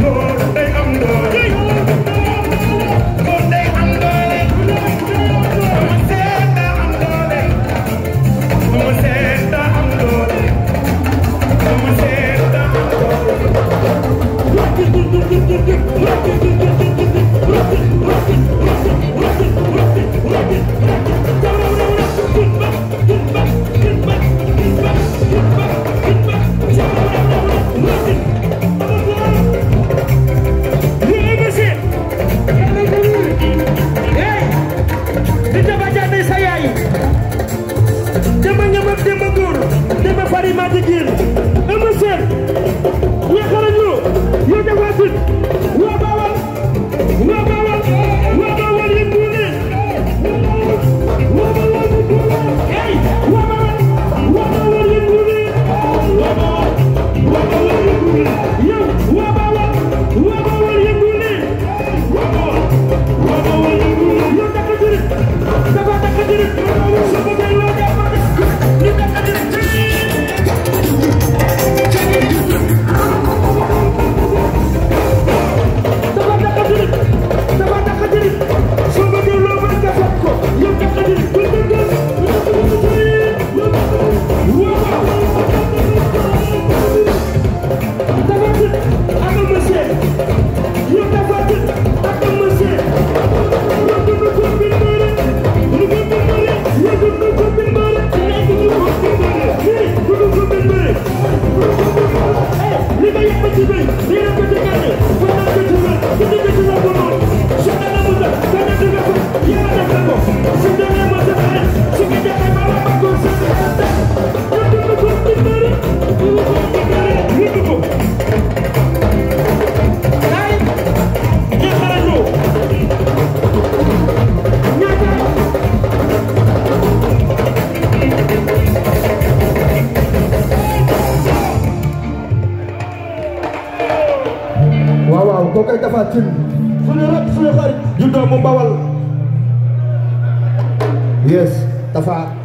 Lord. Tapha Tine suñu rak suñu xarit juddoo mu bawal yes Tapha